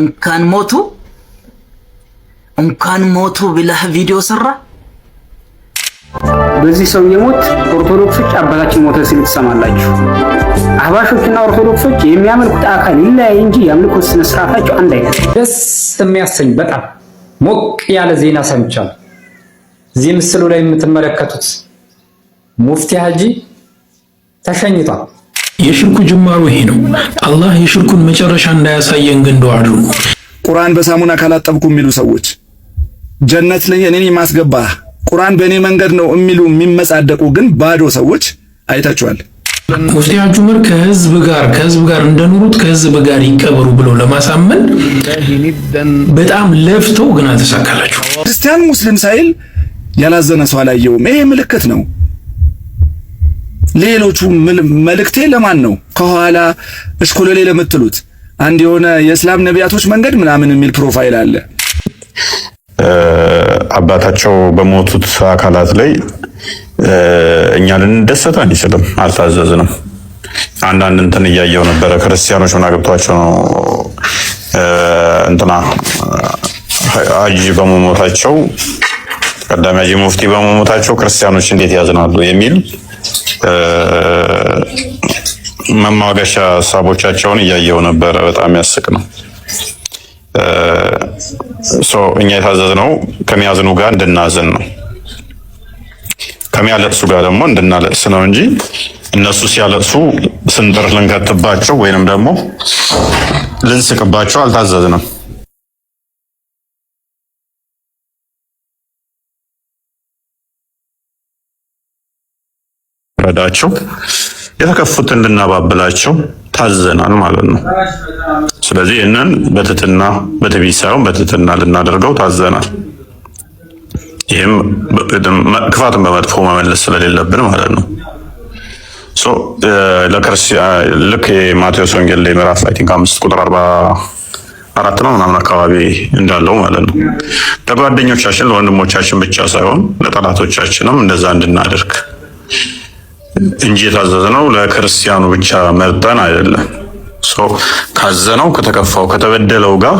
እንኳን ሞቱ እንኳን ሞቱ ብለህ ቪዲዮ ሰራ። በዚህ ሰው ሞት ኦርቶዶክሶች አባታችን ሞተ ሲል ትሰማላችሁ። አህባሾችና ኦርቶዶክሶች የሚያመልኩት አካል ይለያይ እንጂ የአምልኮት ስነ ስርዓታቸው አንድ አይነት። ደስ የሚያሰኝ በጣም ሞቅ ያለ ዜና ሰምቻለሁ። እዚህ ምስሉ ላይ የምትመለከቱት ሙፍቲ ሀጂ ተሸኝቷል። የሽርኩ ጅማሮ ይሄ ነው። አላህ የሽርኩን መጨረሻ እንዳያሳየን ግን ዱዓ አድርጉ። ቁርአን በሳሙና ካላጠብኩ የሚሉ ሰዎች ጀነት ላይ እኔን የማስገባ ቁርአን በእኔ መንገድ ነው የሚሉ የሚመጻደቁ ግን ባዶ ሰዎች አይታችኋል። ሙፍቲ ሐጂ ዑመር ከህዝብ ጋር ከህዝብ ጋር እንደኖሩት ከህዝብ ጋር ይቀበሩ ብለው ለማሳመን በጣም ለፍተው ግን አልተሳካላቸው። ክርስቲያን ሙስሊም ሳይል ያላዘነ ሰው አላየውም። ይሄ ምልክት ነው። ሌሎቹ መልእክቴ ለማን ነው? ከኋላ እሽኮለሌ ለምትሉት አንድ የሆነ የእስላም ነቢያቶች መንገድ ምናምን የሚል ፕሮፋይል አለ። አባታቸው በሞቱት አካላት ላይ እኛ ልንደሰት አንችልም፣ አልታዘዝንም። አንዳንድ እንትን እያየው ነበረ። ክርስቲያኖች ምን አግብቷቸው ነው እንትና ሀጂ በመሞታቸው ቀዳሚ ሀጂ ሙፍቲ በመሞታቸው ክርስቲያኖች እንዴት ያዝናሉ የሚል መማገሻ ሀሳቦቻቸውን እያየው ነበረ። በጣም ያስቅ ነው። እኛ የታዘዝነው ከሚያዝኑ ጋር እንድናዝን ነው፣ ከሚያለቅሱ ጋር ደግሞ እንድናለቅስ ነው እንጂ እነሱ ሲያለቅሱ ስንጥር ልንከትባቸው ወይንም ደግሞ ልንስቅባቸው አልታዘዝንም። ረዳቸው የተከፉት እንድናባብላቸው ታዘናል ማለት ነው። ስለዚህ ይህንን በትትና በትዕቢት ሳይሆን በትትና ልናደርገው ታዘናል። ይህም ክፋትን በመጥፎ መመለስ ስለሌለብን ማለት ነው። ልክ የማቴዎስ ወንጌል ላይ ምዕራፍ አይ ቲንክ አምስት ቁጥር አርባ አራት ነው ምናምን አካባቢ እንዳለው ማለት ነው። ለጓደኞቻችን ለወንድሞቻችን ብቻ ሳይሆን ለጠላቶቻችንም እንደዛ እንድናደርግ እንጂ የታዘዝነው ለክርስቲያኑ ብቻ መርጠን አይደለም። ካዘነው ከተከፋው ከተበደለው ጋር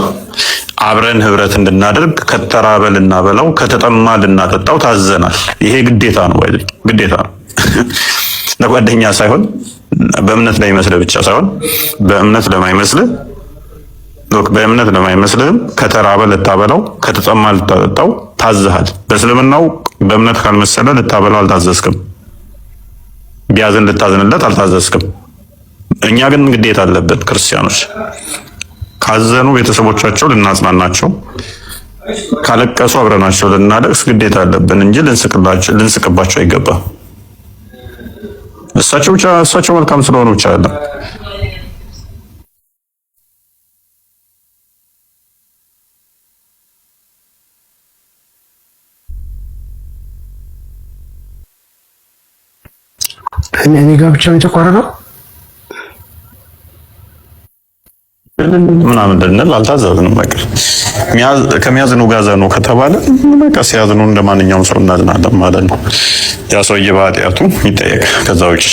አብረን ህብረት እንድናደርግ ከተራበ ልናበላው፣ ከተጠማ ልናጠጣው ታዘናል። ይሄ ግዴታ ነው ወይ ግዴታ ነው። ለጓደኛ ሳይሆን በእምነት ለሚመስልህ ብቻ ሳይሆን በእምነት ለማይመስልህ በእምነት ለማይመስልህም ከተራበ ልታበላው፣ ከተጠማ ልታጠጣው ታዝሃል። በእስልምናው በእምነት ካልመሰለ ልታበላው አልታዘዝክም። ቢያዝን ልታዝንለት አልታዘዝክም። እኛ ግን ግዴታ አለብን። ክርስቲያኖች ካዘኑ ቤተሰቦቻቸው ልናጽናናቸው፣ ካለቀሱ አብረናቸው ልናለቅስ ግዴታ አለብን እንጂ ልንስቅባቸው አይገባም። እሳቸው ብቻ እሳቸው መልካም ስለሆኑ ብቻ አይደለም። እኔ ጋር ብቻ ነው የተቋረጠው ምናምን እንድንል አልታዘዝንም። በቃ ከሚያዝኑ ጋር ዘኑ ከተባለ በቃ ሲያዝኑ እንደማንኛውም ሰው እናዝናለን ማለት ነው። ያ ሰውዬ በኃጢአቱ ይጠየቅ። ከዛ ውጭ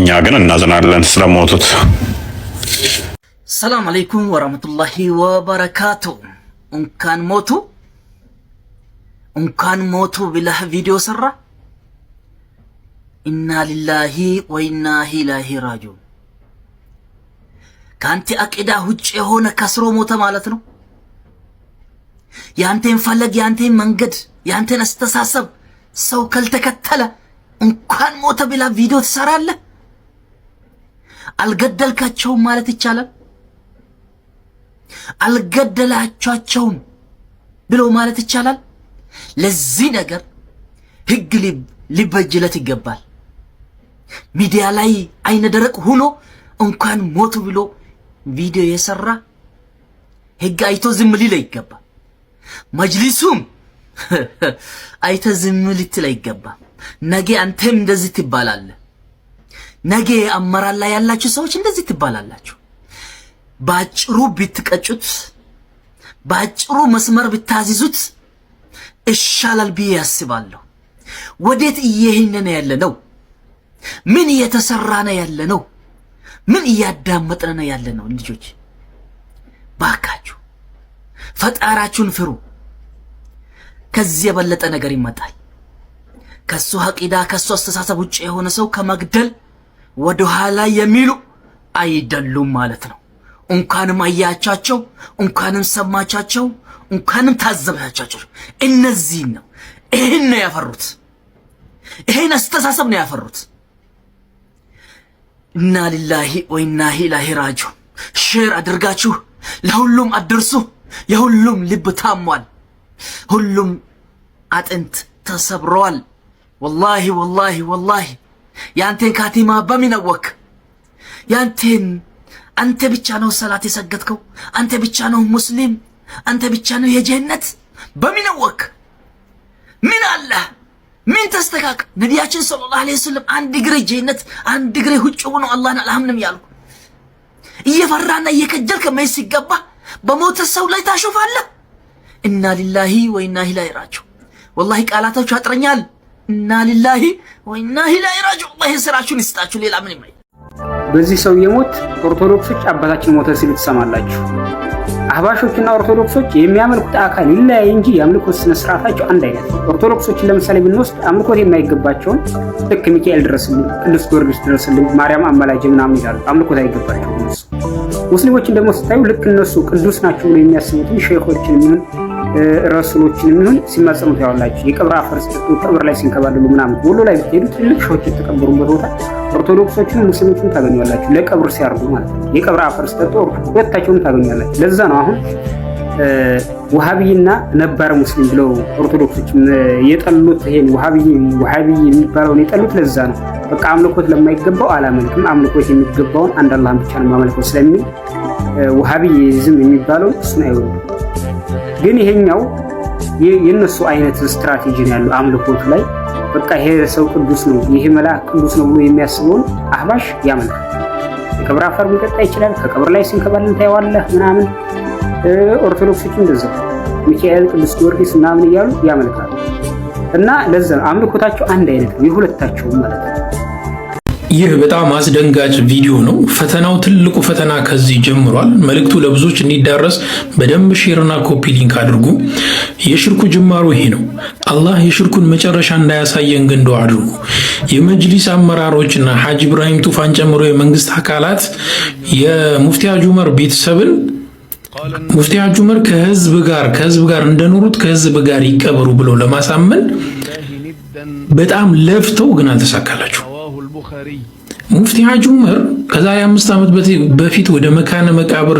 እኛ ግን እናዝናለን ስለሞቱት። ሰላም አለይኩም ወራህመቱላሂ ወበረካቱ። እንኳን ሞቱ እንኳን ሞቱ ብለህ ቪዲዮ ሰራ ኢና ሊላሂ ወኢና ኢላሂ ራጂዑን። ከአንተ አቂዳ ውጭ የሆነ ከስሮ ሞተ ማለት ነው። የአንተን ፈለግ፣ የአንተን መንገድ፣ የአንተን አስተሳሰብ ሰው ካልተከተለ እንኳን ሞተ ብላ ቪዲዮ ትሰራለህ። አልገደልካቸውም ማለት ይቻላል። አልገደላቸቸውም ብሎ ማለት ይቻላል። ለዚህ ነገር ህግ ሊበጅለት ይገባል። ሚዲያ ላይ አይነ ደረቅ ሁኖ እንኳን ሞቱ ብሎ ቪዲዮ የሰራ ህግ አይቶ ዝም ሊል አይገባ። መጅሊሱም አይተ ዝም ልትል አይገባ። ነገ አንተም እንደዚህ ትባላለ። ነገ አመራር ላይ ያላችሁ ሰዎች እንደዚህ ትባላላችሁ። ባጭሩ ብትቀጩት፣ ባጭሩ መስመር ብታዝዙት እሻላል ብዬ ያስባለሁ። ወዴት እየሄድን ያለ ነው? ምን እየተሰራ ነው ያለ ነው? ምን እያዳመጥን ነው ያለ ነው? ልጆች ባካችሁ ፈጣራችሁን ፍሩ። ከዚህ የበለጠ ነገር ይመጣል። ከሱ አቂዳ ከሱ አስተሳሰብ ውጭ የሆነ ሰው ከመግደል ወደ ኋላ የሚሉ አይደሉም ማለት ነው። እንኳንም አያቻቸው፣ እንኳንም ሰማቻቸው፣ እንኳንም ታዘበቻቸው እነዚህን ነው ይህን ነው ያፈሩት። ይህን አስተሳሰብ ነው ያፈሩት። እና ሊላሂ ወይና ኢለይሂ ራጁ ሼር አድርጋችሁ ለሁሉም አድርሱ። የሁሉም ልብ ታሟል። ሁሉም አጥንት ተሰብረዋል። ወላሂ ወላሂ ወላሂ ያንቴን ካቲማ በምን አወክ? ያንቴን አንተ ብቻ ነው ሰላት የሰገድከው፣ አንተ ብቻ ነው ሙስሊም፣ አንተ ብቻ ነው የጀነት በምን አወክ? ምን አለህ ምን ተስተካከ ነቢያችን ሰለላሁ ዐለይሂ ወሰለም አንድ እግሬ ጀነት አንድ እግሬ ሁጭ ሆኖ አላህን አልሐምንም ያልኩ እየፈራና እየከጀልከ መሄድ ሲገባ በሞተ ሰው ላይ ታሾፋለህ። እና ሊላሂ ወኢና ኢለይሂ ራጂዑን። ወላሂ ቃላቶች ያጥረኛል። እና ሊላሂ ወኢና ኢለይሂ ራጂዑን። አላህ ስራችሁን ይስጣችሁ። ሌላ ምን ይመኝ በዚህ ሰው የሞት ኦርቶዶክሶች አባታችን ሞተ ሲሉ ትሰማላችሁ። አህባሾችና ኦርቶዶክሶች የሚያመልኩት አካል ይለያይ እንጂ የአምልኮት ስነ ስርዓታቸው አንድ አይነት። ኦርቶዶክሶችን ለምሳሌ ብንወስድ አምልኮት የማይገባቸውን ልክ ሚካኤል ድረስልኝ፣ ቅዱስ ጊዮርጊስ ድረስልኝ፣ ማርያም አማላጅ ምናምን ይላሉ። አምልኮት አይገባቸውም ሙስሊሞችን ደግሞ ስታዩ ልክ እነሱ ቅዱስ ናቸው ብሎ የሚያስቡትን ሼኮችን የሚሆን ረሱሎችን የሚሆን ሲማጸኑት ያዋላችሁ የቀብር አፈር ቀብር ላይ ሲንከባለሉ ምናምን ወሎ ላይ ብትሄዱ ትልቅ ሾች የተቀበሩበት ቦታ ኦርቶዶክሶችን ሙስሊሞችን ታገኛላችሁ። ለቀብር ሲያርጉ ማለት ነው። የቀብር አፈር ስጠጡ ሁለታቸውም ታገኛላችሁ። ለዛ ነው አሁን ውሃብይና ነባር ሙስሊም ብለው ኦርቶዶክሶች የጠሉት ይሄን ውሃብይ ውሃብይ የሚባለውን የጠሉት ለዛ ነው። በቃ አምልኮት ለማይገባው አላመልክም፣ አምልኮት የሚገባውን አንድ አላህን ብቻ ነው ማመልከው ስለሚል ውሃብይ ዝም የሚባለውን እሱን አይወዱም። ግን ይሄኛው የእነሱ አይነት ስትራቴጂ ነው ያለው አምልኮቱ ላይ በቃ ይሄ ሰው ቅዱስ ነው፣ ይሄ መልአክ ቅዱስ ነው ብሎ የሚያስበውን አህባሽ ያመልካል። ከቀብር አፈር ሊጠጣ ይችላል። ከቀብር ላይ ሲንከባለል ታየዋለህ ምናምን። ኦርቶዶክሶች እንደዛ ሚካኤል፣ ቅዱስ ጊዮርጊስ ምናምን እያሉ ያመልካሉ። እና ለዛ አምልኮታቸው አንድ አይነት ነው የሁለታቸውም ማለት ነው። ይህ በጣም አስደንጋጭ ቪዲዮ ነው። ፈተናው ትልቁ ፈተና ከዚህ ጀምሯል። መልእክቱ ለብዙዎች እንዲዳረስ በደንብ ሼርና ኮፒ ሊንክ አድርጉ። የሽርኩ ጅማሩ ይሄ ነው። አላህ የሽርኩን መጨረሻ እንዳያሳየን ግንዶ አድርጉ። የመጅሊስ አመራሮችና ሐጅ ኢብራሂም ቱፋን ጨምሮ የመንግስት አካላት የሙፍቲ ሐጂ ዑመር ቤተሰብን ሙፍቲ ሐጂ ዑመር ከህዝብ ጋር ከህዝብ ጋር እንደኖሩት ከህዝብ ጋር ይቀበሩ ብለው ለማሳመን በጣም ለፍተው ግን አልተሳካላቸው ሙፍቲ ሐጂ ዑመር ከዛሬ አምስት ዓመት በፊት ወደ መካነ መቃብር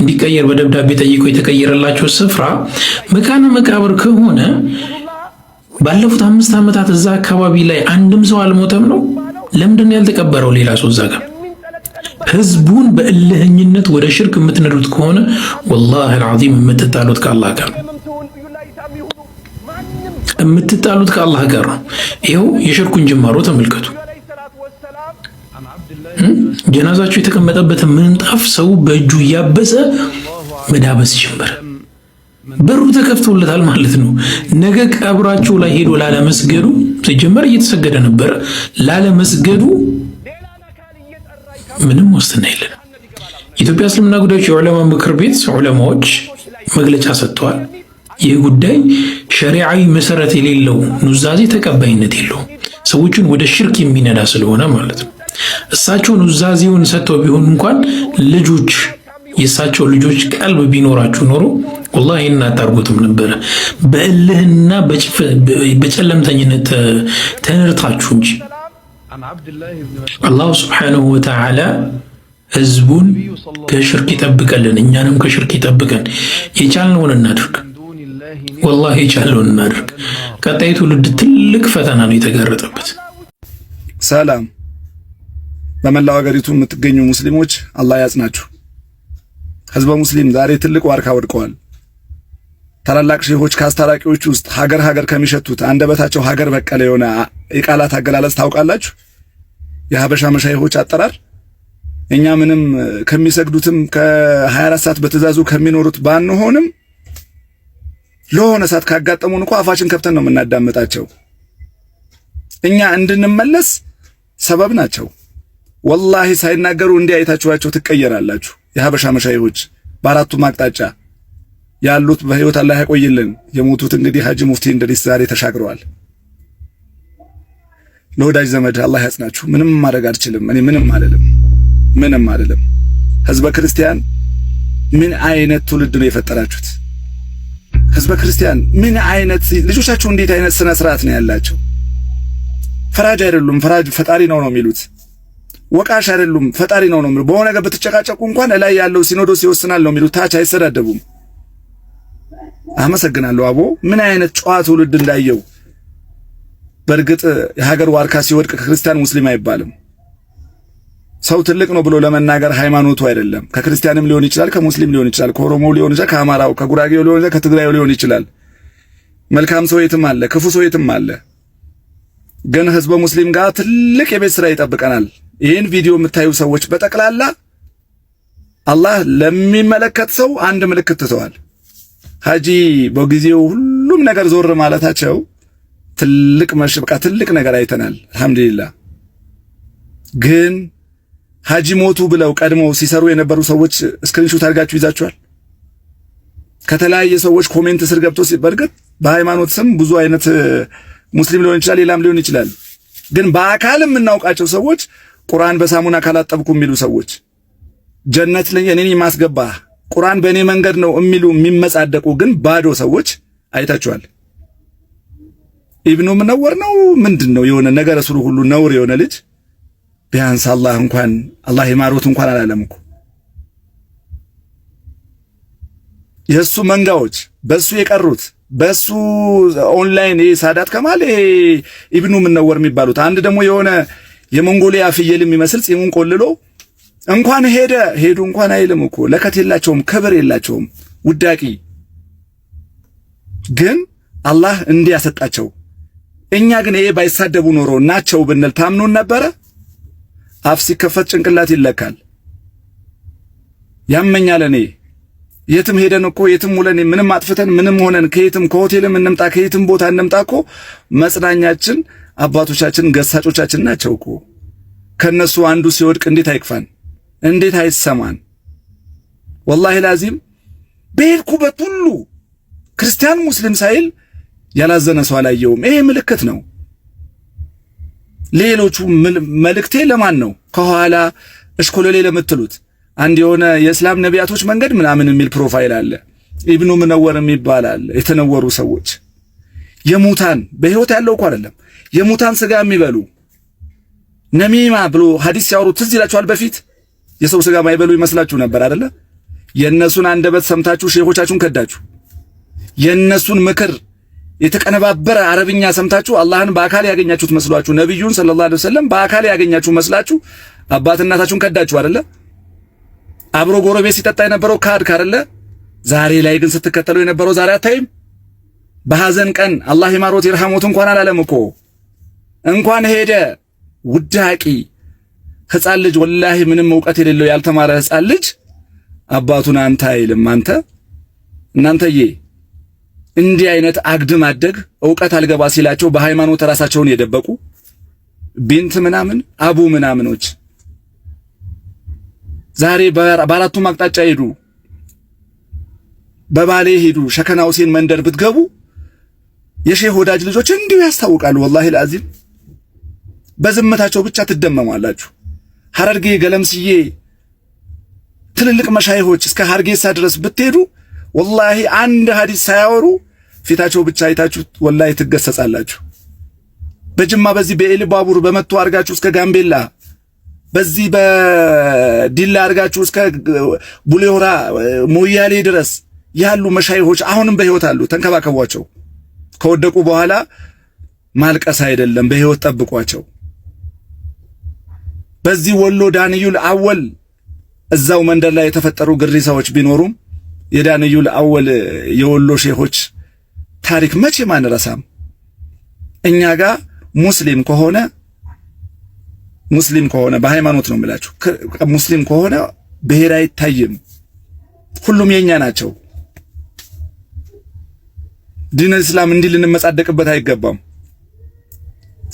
እንዲቀየር በደብዳቤ ጠይቆ የተቀየረላቸው ስፍራ መካነ መቃብር ከሆነ ባለፉት አምስት ዓመታት እዛ አካባቢ ላይ አንድም ሰው አልሞተም ነው። ለምንድን ያልተቀበረው? ሌላ ሰው እዛ ጋር ህዝቡን በእልህኝነት ወደ ሽርክ የምትነዱት ከሆነ ወላሂ አልዓዚም የምትጣሉት ከአላህ ጋር የምትጣሉት ከአላህ ጋር ነው። ይኸው የሽርኩን ጅማሮ ተመልከቱ። ጀናዛቸው የተቀመጠበትን ምንጣፍ ሰው በእጁ እያበሰ መዳበስ ጀመረ። በሩ ተከፍቶለታል ማለት ነው። ነገ ቀብራቸው ላይ ሄዶ ላለመስገዱ ሲጀመር እየተሰገደ ነበረ። ላለመስገዱ ምንም ዋስትና የለም። የኢትዮጵያ እስልምና ጉዳዮች የዑለማ ምክር ቤት ዑለማዎች መግለጫ ሰጥተዋል። ይህ ጉዳይ ሸሪዓዊ መሰረት የሌለው ኑዛዜ ተቀባይነት የለውም። ሰዎችን ወደ ሽርክ የሚነዳ ስለሆነ ማለት ነው። እሳቸውን ውዛዜውን ሰጥተው ቢሆን እንኳን ልጆች የእሳቸው ልጆች ቀልብ ቢኖራችሁ ኖሮ ወላሂ ይህን አታርጉትም ነበረ። በእልህና በጨለምተኝነት ተንርታችሁ እንጂ አላሁ ስብሓነሁ ወተዓላ ህዝቡን ከሽርክ ይጠብቀልን፣ እኛንም ከሽርክ ይጠብቀን። የቻልነውን እናድርግ፣ ወላሂ የቻልነውን እናድርግ። ቀጣይ ትውልድ ትልቅ ፈተና ነው የተጋረጠበት። ሰላም በመላው ሀገሪቱ የምትገኙ ሙስሊሞች አላህ ያጽናችሁ። ህዝበ ሙስሊም ዛሬ ትልቅ ዋርካ ወድቀዋል። ታላላቅ ሼሆች ከአስታራቂዎች ውስጥ ሀገር ሀገር ከሚሸቱት አንደበታቸው ሀገር በቀለ የሆነ የቃላት አገላለጽ ታውቃላችሁ። የሀበሻ መሻይሆች አጠራር እኛ ምንም ከሚሰግዱትም ከ24 ሰዓት በትእዛዙ ከሚኖሩት ባንሆንም ለሆነ ሰዓት ካጋጠሙን እንኳ አፋችን ከብተን ነው የምናዳምጣቸው። እኛ እንድንመለስ ሰበብ ናቸው። ወላሂ ሳይናገሩ እንዲህ አይታችኋቸው ትቀየራላችሁ። የሀበሻ መሻይዎች በአራቱም አቅጣጫ ያሉት በህይወት አላህ ያቆይልን። የሞቱት እንግዲህ ሀጂ ሙፍቲ እንደዲስ ዛሬ ተሻግረዋል። ለወዳጅ ዘመድ አላህ ያጽናችሁ። ምንም ማድረግ አልችልም እኔ ምንም አልልም፣ ምንም አልልም። ህዝበ ክርስቲያን ምን አይነት ትውልድ ነው የፈጠራችሁት? ህዝበ ክርስቲያን ምን አይነት ልጆቻችሁ እንዴት አይነት ስነ ስርዓት ነው ያላቸው? ፈራጅ አይደሉም፣ ፈራጅ ፈጣሪ ነው ነው የሚሉት ወቃሽ አይደሉም፣ ፈጣሪ ነው ነው በሆነ ነገር ብትጨቃጨቁ እንኳን እላይ ያለው ሲኖዶስ ይወስናል ነው የሚሉ፣ ታች አይሰዳደቡም። አመሰግናለሁ አቦ። ምን አይነት ጨዋ ትውልድ እንዳየው። በእርግጥ የሀገር ዋርካ ሲወድቅ ከክርስቲያን ሙስሊም አይባልም። ሰው ትልቅ ነው ብሎ ለመናገር ሃይማኖቱ አይደለም። ከክርስቲያንም ሊሆን ይችላል፣ ከሙስሊም ሊሆን ይችላል፣ ከኦሮሞው ሊሆን ይችላል፣ ከአማራው፣ ከጉራጌው ሊሆን ይችላል፣ ከትግራዩ ሊሆን ይችላል። መልካም ሰው የትም አለ፣ ክፉ ሰው የትም አለ። ግን ህዝበ ሙስሊም ጋር ትልቅ የቤት ስራ ይጠብቀናል። ይህን ቪዲዮ የምታዩ ሰዎች በጠቅላላ አላህ ለሚመለከት ሰው አንድ ምልክት ትተዋል። ሀጂ በጊዜው ሁሉም ነገር ዞር ማለታቸው ትልቅ መሽብቃ ትልቅ ነገር አይተናል። አልሐምዱሊላህ ግን ሀጂ ሞቱ ብለው ቀድመው ሲሰሩ የነበሩ ሰዎች ስክሪንሾት አድርጋችሁ ይዛችኋል። ከተለያየ ሰዎች ኮሜንት ስር ገብቶ በእርግጥ በሃይማኖት ስም ብዙ አይነት ሙስሊም ሊሆን ይችላል፣ ሌላም ሊሆን ይችላል። ግን በአካል የምናውቃቸው ሰዎች ቁርአን በሳሙና ካላጠብኩ የሚሉ ሰዎች ጀነት ላይ እኔን ማስገባ ቁርአን በእኔ መንገድ ነው የሚሉ የሚመጻደቁ ግን ባዶ ሰዎች አይታችኋል። ኢብኑ ምነወር ነው ምንድን ነው የሆነ ነገር ስሩ ሁሉ ነውር የሆነ ልጅ ቢያንስ አላህ እንኳን አላህ የማሮት እንኳን አላለም እኮ የእሱ መንጋዎች በእሱ የቀሩት በሱ ኦንላይን ይሄ ሳዳት ከማል ይሄ ኢብኑ ምነወር የሚባሉት አንድ ደግሞ የሆነ የሞንጎሊያ ፍየል የሚመስል ፂሙን ቆልሎ እንኳን ሄደ ሄዱ እንኳን አይልም እኮ። ለከት የላቸውም፣ ክብር የላቸውም። ውዳቂ ግን አላህ እንዲያሰጣቸው። እኛ ግን ይሄ ባይሳደቡ ኖሮ ናቸው ብንል ታምኑን ነበረ። አፍ ሲከፈት ጭንቅላት ይለካል። ያመኛል እኔ የትም ሄደን እኮ የትም ውለን ምንም አጥፍተን ምንም ሆነን ከየትም ከሆቴልም እንምጣ ከየትም ቦታ እንምጣ እኮ መጽናኛችን አባቶቻችን ገሳጮቻችን ናቸው እኮ። ከነሱ አንዱ ሲወድቅ እንዴት አይክፋን? እንዴት አይሰማን? ወላሂ ላዚም በሄድኩበት ሁሉ ክርስቲያን ሙስሊም ሳይል ያላዘነ ሰው አላየውም። ይሄ ምልክት ነው። ሌሎቹ መልእክቴ ለማን ነው? ከኋላ እሽኮሎሌ ለምትሉት አንድ የሆነ የእስላም ነቢያቶች መንገድ ምናምን የሚል ፕሮፋይል አለ። ኢብኑ ምነወርም ይባላል የተነወሩ ሰዎች የሙታን በህይወት ያለው እኮ አይደለም የሙታን ስጋ የሚበሉ ነሚማ ብሎ ሐዲስ ሲያወሩ ትዝ ይላችኋል። በፊት የሰው ስጋ ማይበሉ ይመስላችሁ ነበር አይደለ? የእነሱን አንደበት ሰምታችሁ ሼሆቻችሁን ከዳችሁ። የእነሱን ምክር የተቀነባበረ አረብኛ ሰምታችሁ አላህን በአካል ያገኛችሁት መስሏችሁ፣ ነቢዩን ሰለላሁ ዐለይሂ ወሰለም በአካል ያገኛችሁ መስላችሁ አባት እናታችሁን ከዳችሁ አይደለ? አብሮ ጎረቤት ሲጠጣ የነበረው ካድክ አይደለ? ዛሬ ላይ ግን ስትከተለው የነበረው ዛሬ አታይም። በሐዘን ቀን አላህ ይማሮት ይርሐሞት እንኳን አላለም እኮ እንኳን ሄደ ውዳቂ ህፃን ልጅ ወላሂ ምንም እውቀት የሌለው ያልተማረ ህፃን ልጅ አባቱን አንተ አይልም። አንተ እናንተዬ እንዲህ አይነት አግድም አደግ እውቀት አልገባ ሲላቸው በሃይማኖት ራሳቸውን የደበቁ ቢንት ምናምን አቡ ምናምኖች ዛሬ በአራቱም አቅጣጫ ሄዱ። በባሌ ሄዱ። ሸከና ሁሴን መንደር ብትገቡ የሼህ ወዳጅ ልጆች እንዲሁ ያስታውቃሉ። ወላሂ ለአዚም በዝምታቸው ብቻ ትደመማላችሁ። ሐረርጌ ገለምስዬ ትልልቅ መሻይሆች እስከ ሐርጌሳ ድረስ ብትሄዱ ወላሂ አንድ ሐዲስ ሳያወሩ ፊታቸው ብቻ አይታችሁ ወላሂ ትገሰጻላችሁ። በጅማ በዚህ ባቡር በመቶ አድርጋችሁ እስከ ጋምቤላ በዚህ በዲላ አድርጋችሁ እስከ ቡሌሆራ ሞያሌ ድረስ ያሉ መሻይሆች አሁንም በህይወት አሉ። ተንከባከቧቸው። ከወደቁ በኋላ ማልቀስ አይደለም፣ በህይወት ጠብቋቸው። በዚህ ወሎ ዳንዩል አወል እዛው መንደር ላይ የተፈጠሩ ግሪሳዎች ቢኖሩም የዳንዩል አወል የወሎ ሼሆች ታሪክ መቼም አንረሳም። እኛ ጋ ሙስሊም ከሆነ ሙስሊም ከሆነ በሃይማኖት ነው የምላችሁ። ሙስሊም ከሆነ ብሔር አይታይም። ሁሉም የኛ ናቸው። ዲን እስላም እንዲህ ልንመጻደቅበት አይገባም።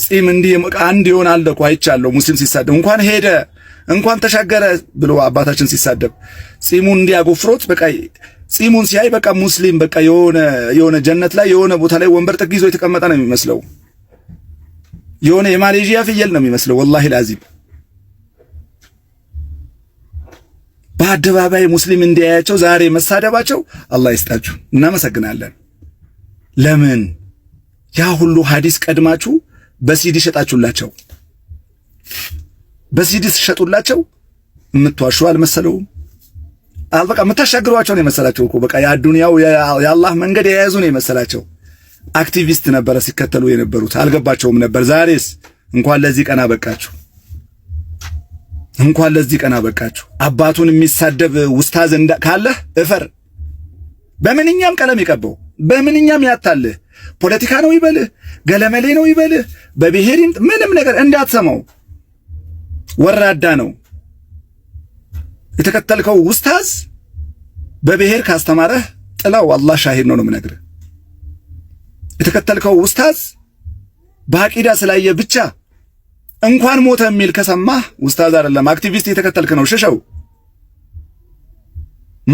ጺም እንዲህ አንድ ይሆናል እኮ አይቻለሁ። ሙስሊም ሲሳደብ እንኳን ሄደ እንኳን ተሻገረ ብሎ አባታችን ሲሳደብ ጺሙን እንዲያጎፍሮት በቃ ጺሙን ሲያይ በቃ ሙስሊም በቃ የሆነ የሆነ ጀነት ላይ የሆነ ቦታ ላይ ወንበር ጥግ ይዞ የተቀመጠ ነው የሚመስለው። የሆነ የማሌዥያ ፍየል ነው የሚመስለው። ወላሂ ላዚም በአደባባይ ሙስሊም እንዲያያቸው ዛሬ መሳደባቸው አላህ ይስጣችሁ፣ እናመሰግናለን። ለምን ያ ሁሉ ሐዲስ ቀድማችሁ በሲዲ ሸጣችሁላቸው። በሲዲ ሸጡላቸው የምትዋሹ አልመሰለውም። አልበቃ የምታሻግሯቸው ነው የመሰላቸው እኮ በቃ የአዱንያው የአላህ መንገድ የያዙ ነው የመሰላቸው። አክቲቪስት ነበረ ሲከተሉ የነበሩት አልገባቸውም ነበር። ዛሬስ እንኳን ለዚህ ቀን አበቃችሁ፣ እንኳን ለዚህ ቀን አበቃችሁ። አባቱን የሚሳደብ ውስታዝ ካለህ እፈር። በምንኛም ቀለም ይቀበው፣ በምንኛም ያታልህ ፖለቲካ ነው ይበልህ፣ ገለመሌ ነው ይበልህ፣ በብሔር ምንም ነገር እንዳትሰማው። ወራዳ ነው። የተከተልከው ውስታዝ በብሔር ካስተማረህ ጥላው፣ አላህ ሻሂድ ነው ነው የምነግርህ። የተከተልከው ውስታዝ በአቂዳ ስላየ ብቻ እንኳን ሞተ የሚል ከሰማህ ውስታዝ አይደለም አክቲቪስት የተከተልክ ነው። ሽሸው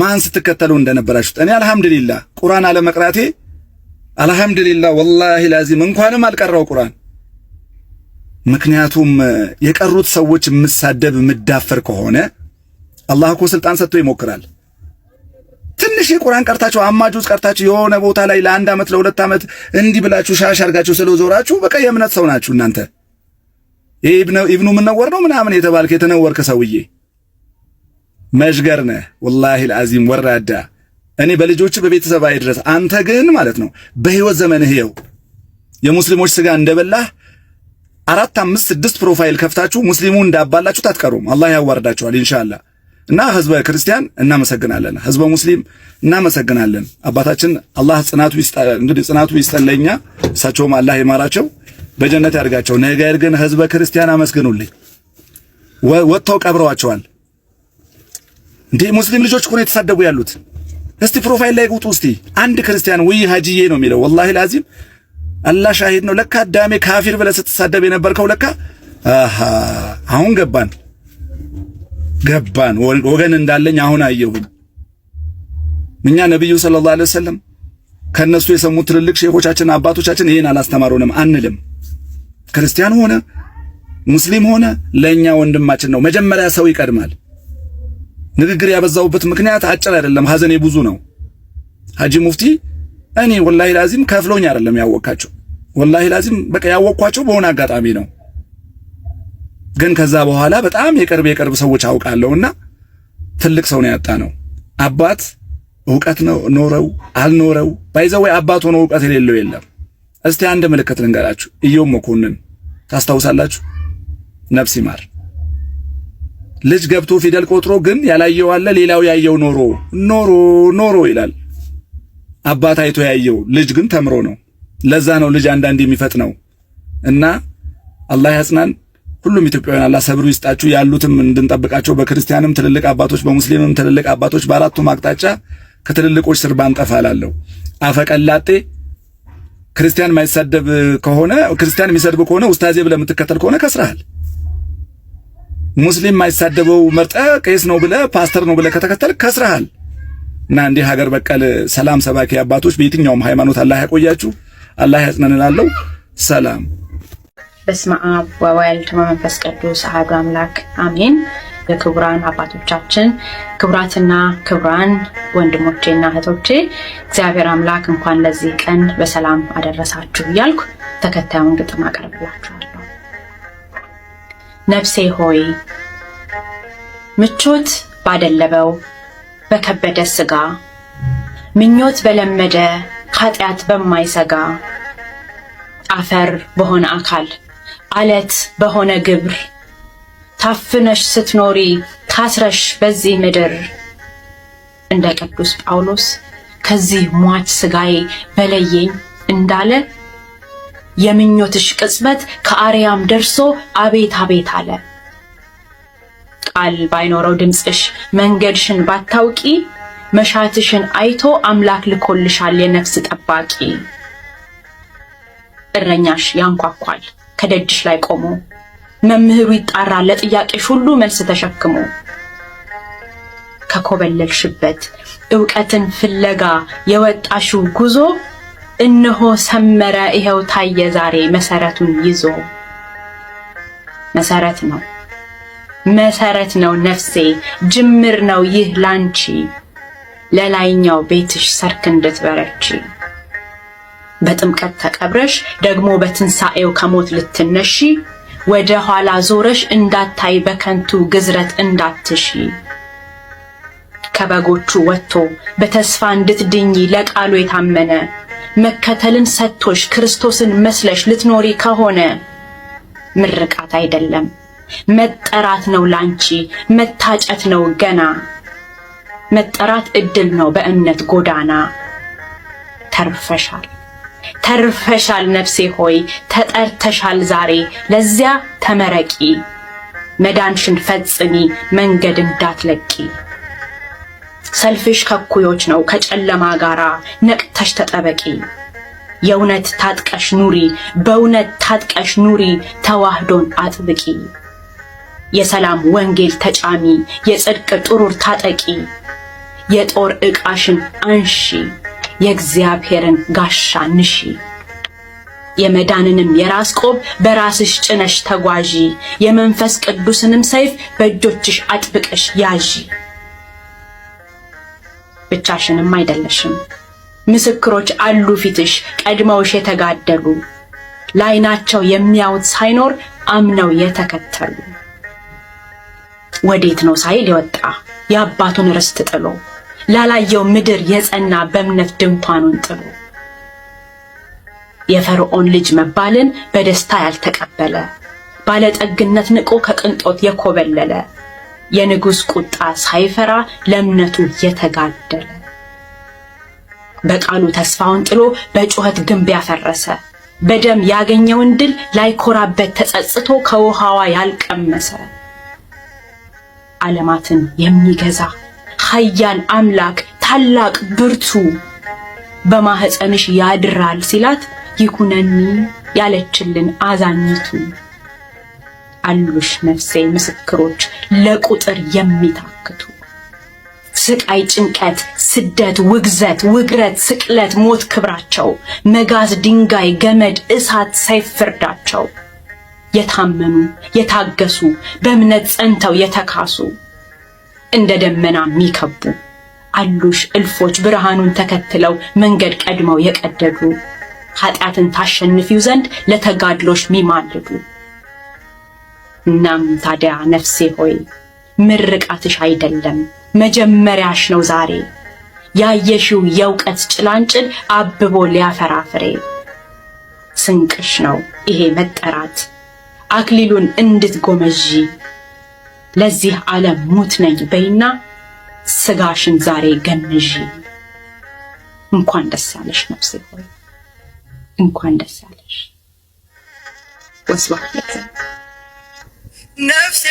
ማን ስትከተሉ እንደነበራችሁት እኔ አልሐምዱሊላህ ቁርአን አለመቅራቴ አልሐምዱሊላህ ወላሂ ላዚም እንኳንም አልቀረው ቁርአን። ምክንያቱም የቀሩት ሰዎች የምሳደብ የምዳፈር ከሆነ አላህ እኮ ስልጣን ሰጥቶ ይሞክራል። ትንሽ የቁርአን ቀርታችሁ አማጆች ቀርታችሁ የሆነ ቦታ ላይ ለአንድ ዓመት ለሁለት ዓመት እንዲህ ብላችሁ ሻሽ አድርጋችሁ ስለዞራችሁ በቃ የእምነት ሰው ናችሁ እናንተ። ይህ ኢብኑ ምነወር ነው ምናምን የተባልክ የተነወርክ ሰውዬ መዥገር ነህ ወላሂ ልአዚም ወራዳ እኔ በልጆች በቤተሰብ ድረስ አንተ ግን ማለት ነው በህይወት ዘመንህ ይኸው የሙስሊሞች ስጋ እንደበላህ አራት አምስት ስድስት ፕሮፋይል ከፍታችሁ ሙስሊሙ እንዳባላችሁ ታትቀሩም አላህ ያዋርዳችኋል ኢንሻአላ። እና ህዝበ ክርስቲያን እናመሰግናለን፣ ህዝበ ሙስሊም እናመሰግናለን። አባታችን አላህ ጽናቱ ይስጣ። እንግዲህ ጽናቱ ይስጠለኛ፣ እሳቸውም አላህ ይማራቸው፣ በጀነት ያርጋቸው። ነገር ግን ህዝበ ክርስቲያን አመስግኑልኝ። ወጥተው ቀብረዋቸዋል። እንዴ ሙስሊም ልጆች እኮ ነው የተሳደቡ ያሉት። እስቲ ፕሮፋይል ላይ ቁጡ እስቲ አንድ ክርስቲያን ውይ ሀጂዬ ነው የሚለው ወላሂ ላዚም አላህ ሻሂድ ነው። ለካ አዳሜ ካፊር ብለህ ስትሳደብ የነበርከው ለካ አሃ አሁን ገባን ገባን ወገን እንዳለኝ አሁን አየሁኝ። እኛ ነብዩ ሰለላሁ ዐለይሂ ወሰለም ከነሱ የሰሙት ትልልቅ ሼኾቻችን አባቶቻችን ይሄን አላስተማሩንም አንልም። ክርስቲያን ሆነ ሙስሊም ሆነ ለኛ ወንድማችን ነው። መጀመሪያ ሰው ይቀድማል። ንግግር ያበዛውበት ምክንያት አጭር አይደለም፣ ሀዘኔ ብዙ ነው። ሀጂ ሙፍቲ እኔ ወላሂ ላዚም ከፍለውኝ አይደለም ያወቃቸው። ወላሂ ላዚም በቃ ያወቅኳቸው በሆነ አጋጣሚ ነው። ግን ከዛ በኋላ በጣም የቅርብ የቅርብ ሰዎች አውቃለሁና ትልቅ ሰው ነው ያጣ ነው። አባት እውቀት ኖረው አልኖረው ባይዘወይ አባት ሆኖ እውቀት የሌለው የለም። እስቲ አንድ ምልክት ልንገራችሁ። እየውም መኮንን ታስታውሳላችሁ? ነፍስ ይማር ልጅ ገብቶ ፊደል ቆጥሮ ግን ያላየው አለ። ሌላው ያየው ኖሮ ኖሮ ኖሮ ይላል። አባት አይቶ ያየው ልጅ ግን ተምሮ ነው። ለዛ ነው ልጅ አንዳንድ የሚፈጥ ነው እና አላህ ያጽናን። ሁሉም ኢትዮጵያውያን አላህ ሰብሩ ይስጣችሁ። ያሉትም እንድንጠብቃቸው በክርስቲያንም ትልልቅ አባቶች፣ በሙስሊምም ትልልቅ አባቶች በአራቱም አቅጣጫ ከትልልቆች ስር ባንጠፋ እላለሁ። አፈቀላጤ ክርስቲያን ማይሰደብ ከሆነ ክርስቲያን የሚሰድብ ከሆነ ኡስታዜ ብለህ የምትከተል ከሆነ ከስራሃል። ሙስሊም የማይሳደበው መርጠ ቄስ ነው ብለ ፓስተር ነው ብለ ከተከተል ከስረሃል። እና እንዲህ ሀገር በቀል ሰላም ሰባኪ አባቶች በየትኛውም ሃይማኖት አላህ ያቆያችሁ፣ አላህ ያጽነን ሰላም። በስመ አብ ወወልድ ወመንፈስ ቅዱስ አሐዱ አምላክ አሜን። የክቡራን አባቶቻችን ክቡራትና ክቡራን ወንድሞቼና እህቶቼ እግዚአብሔር አምላክ እንኳን ለዚህ ቀን በሰላም አደረሳችሁ እያልኩ ተከታዩን ግጥም አቀርብላችኋል። ነፍሴ ሆይ ምቾት ባደለበው በከበደ ስጋ ምኞት በለመደ ኃጢአት በማይሰጋ አፈር በሆነ አካል አለት በሆነ ግብር ታፍነሽ ስትኖሪ ታስረሽ በዚህ ምድር እንደ ቅዱስ ጳውሎስ ከዚህ ሟች ስጋዬ በለየኝ እንዳለ የምኞትሽ ቅጽበት ከአርያም ደርሶ አቤት አቤት አለ። ቃል ባይኖረው ድምፅሽ መንገድሽን ባታውቂ መሻትሽን አይቶ አምላክ ልኮልሻል የነፍስ ጠባቂ። እረኛሽ ያንኳኳል ከደጅሽ ላይ ቆሞ መምህሩ ይጣራል ለጥያቄሽ ሁሉ መልስ ተሸክሞ። ከኮበለልሽበት እውቀትን ፍለጋ የወጣሽው ጉዞ እነሆ ሰመረ፣ ይኸው ታየ ዛሬ መሰረቱን ይዞ መሰረት ነው መሰረት ነው ነፍሴ፣ ጅምር ነው ይህ ላንቺ ለላይኛው ቤትሽ ሰርክ እንድትበረቺ በጥምቀት ተቀብረሽ ደግሞ በትንሣኤው ከሞት ልትነሺ ወደ ኋላ ዞረሽ እንዳታይ በከንቱ ግዝረት እንዳትሺ ከበጎቹ ወጥቶ በተስፋ እንድትድኚ ለቃሉ የታመነ መከተልን ሰጥቶሽ ክርስቶስን መስለሽ ልትኖሪ ከሆነ ምርቃት አይደለም፣ መጠራት ነው። ላንቺ መታጨት ነው። ገና መጠራት እድል ነው። በእምነት ጎዳና ተርፈሻል፣ ተርፈሻል። ነፍሴ ሆይ ተጠርተሻል። ዛሬ ለዚያ ተመረቂ፣ መዳንሽን ፈጽሚ፣ መንገድ እንዳትለቂ። ሰልፍሽ ከኩዮች ነው ከጨለማ ጋራ ነቅተሽ ተጠበቂ። የእውነት ታጥቀሽ ኑሪ፣ በእውነት ታጥቀሽ ኑሪ፣ ተዋህዶን አጥብቂ። የሰላም ወንጌል ተጫሚ፣ የጽድቅ ጥሩር ታጠቂ። የጦር ዕቃሽን አንሺ፣ የእግዚአብሔርን ጋሻ ንሺ። የመዳንንም የራስ ቆብ በራስሽ ጭነሽ ተጓዢ፣ የመንፈስ ቅዱስንም ሰይፍ በእጆችሽ አጥብቀሽ ያዢ። ብቻሽንም አይደለሽም። ምስክሮች አሉ ፊትሽ ቀድመውሽ የተጋደሉ ላይናቸው የሚያዩት ሳይኖር አምነው የተከተሉ። ወዴት ነው ሳይል የወጣ የአባቱን ርስት ጥሎ ላላየው ምድር የጸና በእምነት ድንኳኑን ጥሎ የፈርዖን ልጅ መባልን በደስታ ያልተቀበለ ባለጠግነት ንቆ ከቅንጦት የኮበለለ የንጉሥ ቁጣ ሳይፈራ ለእምነቱ የተጋደለ በቃሉ ተስፋውን ጥሎ በጩኸት ግንብ ያፈረሰ በደም ያገኘውን ድል ላይኮራበት ተጸጽቶ ከውሃዋ ያልቀመሰ ዓለማትን የሚገዛ ኃያል አምላክ ታላቅ ብርቱ በማህፀንሽ ያድራል ሲላት ይኩነኒ ያለችልን አዛኝቱ አሉሽ ነፍሴ ምስክሮች ለቁጥር የሚታክቱ ስቃይ፣ ጭንቀት፣ ስደት፣ ውግዘት፣ ውግረት፣ ስቅለት፣ ሞት ክብራቸው መጋዝ፣ ድንጋይ፣ ገመድ፣ እሳት ሳይፍርዳቸው የታመኑ የታገሱ በእምነት ጸንተው የተካሱ እንደ ደመና የሚከቡ አሉሽ እልፎች ብርሃኑን ተከትለው መንገድ ቀድመው የቀደዱ ኃጢአትን ታሸንፊው ዘንድ ለተጋድሎሽ ሚማልዱ እናም ታዲያ ነፍሴ ሆይ ምርቃትሽ አይደለም መጀመሪያሽ ነው ዛሬ ያየሽው የእውቀት ጭላንጭል አብቦ ሊያፈራ ፍሬ። ስንቅሽ ነው ይሄ መጠራት አክሊሉን እንድትጎመዢ ለዚህ ዓለም ሙት ነኝ በይና ስጋሽን ዛሬ ገንዢ። እንኳን ደስ ያለሽ ነፍሴ ሆይ እንኳን ደስ ያለሽ። ወስብሐት ነፍሴ